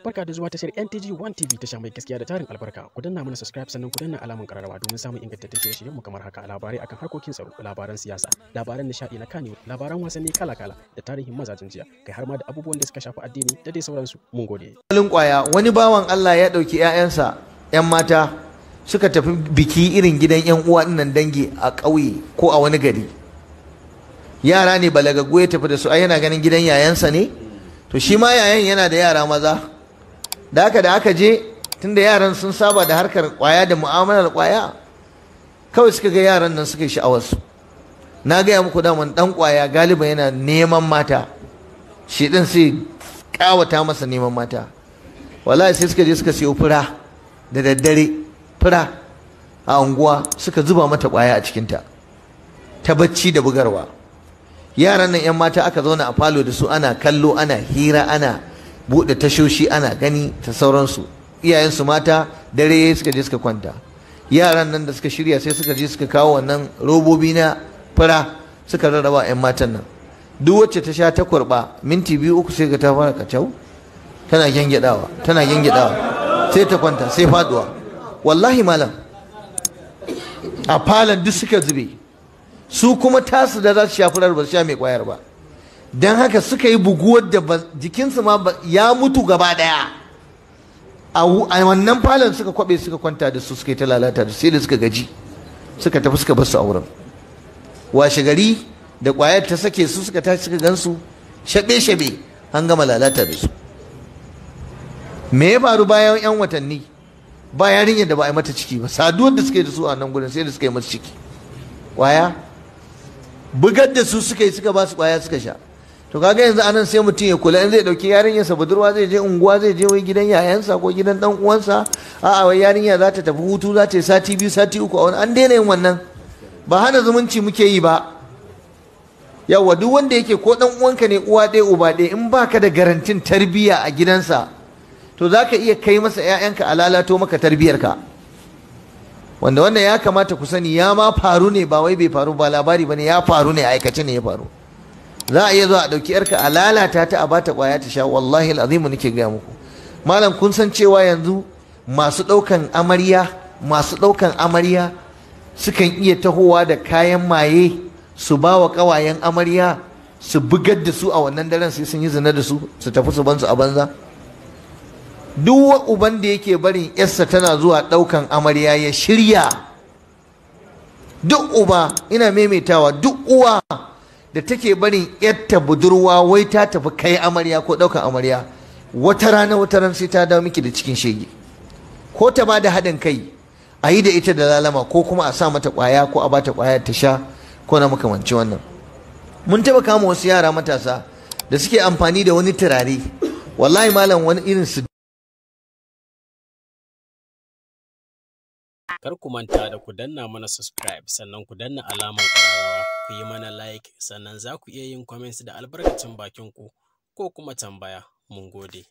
Barka da zuwa tashar NTG One TV tashar mai gaskiya da tarin albarka. Ku danna mana subscribe sannan ku danna alamun kararrawa domin samun ingantattun shirye-shiryen mu kamar haka labarai akan harkokin tsaro, labaran siyasa, labaran nishadi na kanewa labaran wasanni kala-kala da tarihin mazajen jiya, kai har ma da abubuwan da suka shafi addini da dai sauransu. Mun gode. Kalin kwaya wani bawan Allah ya dauki ƴaƴansa ƴan mata suka tafi biki irin gidan ƴan uwa nan dangi a ƙauye ko a wani gari. Yara ne balagaggu ya tafi da su ai yana ganin gidan yayansa ne? To shi ma yayan yana da yara maza. da haka da aka je tunda yaran sun saba da harkar kwaya da mu'amalar kwaya kawai suka ga yaran nan suka yi sha'awarsu na gaya muku daman dan kwaya galiba yana neman mata shi din sai kawata masa neman mata wallahi sai suka je suka siyo fura da daddare fura a unguwa suka zuba mata kwaya a cikinta ta bacci da bugarwa yaran nan yan mata aka zauna a falo da su ana kallo ana hira ana buɗe tashoshi ana gani ta sauransu iyayensu mata dare ya suka je suka kwanta yaran nan da suka shirya sai suka je suka kawo wannan robobi na fura suka rarraba 'yan matan nan duk wacce ta sha ta kwarɓa minti biyu uku sai ga ta fara kacau tana gyangyaɗawa tana gyangyaɗawa sai ta kwanta sai faduwa wallahi malam a falon duk suka zube su kuma tasu da za su sha furar ba su sha mai kwayar ba don haka suka yi buguwar da jikinsu ma ya mutu gaba daya a wannan falon suka kwabe suka kwanta da su suka yi ta lalata da sai da suka gaji suka tafi suka basu a wurin washe gari da kwayar ta sake su suka tashi suka gansu shabe-shabe an gama lalata da su me ya faru bayan 'yan watanni ba yarinyar da ba a yi mata ciki ba saduwar da suka yi da su a nan gudun sai da suka yi mata ciki kwaya bugar da su suka yi suka ba su kwaya suka sha to kaga yanzu anan sai mutum ya kula in zai dauki yarinyarsa budurwa zai je unguwa zai je wai gidan yayansa ko gidan dan uwansa a'a wai yarinya za ta tafi hutu za ta yi sati biyu sati uku a wani an daina yin wannan ba hana zumunci muke yi ba yawa duk wanda yake ko dan uwanka ne uwa ɗaya uba ɗaya in baka da garantin tarbiyya a gidansa to za ka iya kai masa 'ya'yanka a lalato maka tarbiyarka wanda wannan ya kamata ku sani ya ma faru ne ba wai bai faru ba labari ba ne ya faru ne aikace ne ya faru za a iya zuwa a ɗauki yarka a lalata ta a bata ƙwaya ta sha wallahi al'azimu nake gaya muku malam kun san cewa yanzu masu ɗaukan amarya masu ɗaukan amarya sukan iya tahowa da kayan maye su ba wa ƙawayen amarya su bugar da su a wannan daren sai sun yi zina da su su tafi su bansu a banza duk wa uban da yake barin yarsa tana zuwa ɗaukan amarya ya shirya duk uba ina maimaitawa duk uwa da take barin yatta budurwa wai ta tafi kai amarya ko ɗauka amarya wata rana wata rana sai ta dawo miki da cikin shege ko ta ba da haɗin kai a yi da ita da lalama ko kuma a sa mata ƙwaya ko a bata ta ƙwaya ta sha ko na makamanci wannan mun taɓa kama wasu yara matasa da suke amfani da wani turare wallahi malam wani irin su kar ku manta da ku danna mana subscribe sannan ku danna alamar ƙararrawa ku yi mana like sannan za ku iya yin comments da albarkacin bakin ku ko kuma tambaya mun gode